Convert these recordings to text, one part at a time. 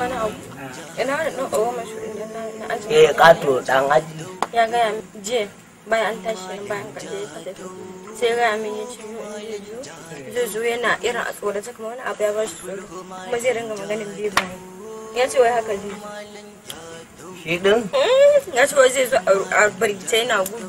wani abu ina da ɗan da na aji eh ƙato ɗan aji ya gaya min je bayan an tashi bayan ƙarfe ya fata sai ya gaya min ya ce zai zo yana irin a tsorata kamar wani abu ya ba tsoro kuma zai ringa maganin biyu bayan ya ce wai haka zai shi ɗin hmm, ya ce wai zai zo a bargita yana gudu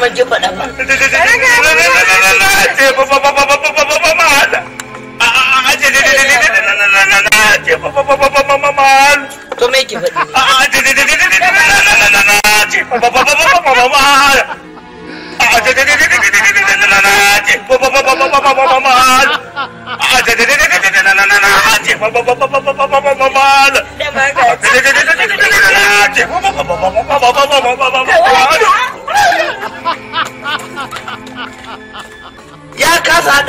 menjemput apa? Bye-bye.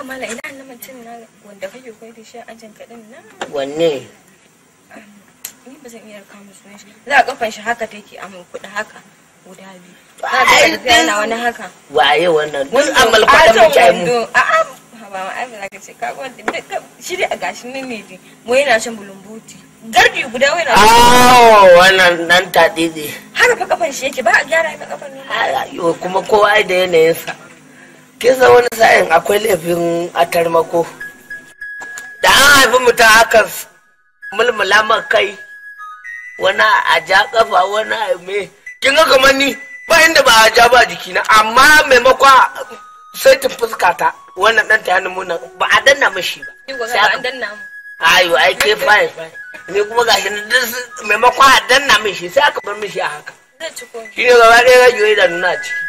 haba mala ina na mutum na wanda kake koyar da shi a ajin ka nan wanne ni ba zan iya kama sunan shi za a kafan shi haka take a mun kuɗi haka guda biyu a ga da yana wani haka waye wannan amal mu a'a ba ma ai ba ka ce ka wanda shi dai a gashi nan ne dai mu yana shan bulumbuti garbi guda wai na wannan nan taɗi haka fa kafan shi yake ba a gyara mai kafan nan kuma kowa da yanayinsa kisa wani sa'in akwai laifin atarmako da an haifi mutum haka mulmula kai wani a ja kafa wani a me kin ga kamar ni ba inda ba a ja ba jikina amma maimakon saitin fuska ta wannan dan ta yana muna ba a danna mashi ba sai a danna mu ayo ai ke fine ni kuma gashi maimakon a danna mashi sai aka bar mashi a haka shi ne gaba ɗaya ga yoyi da nuna ciki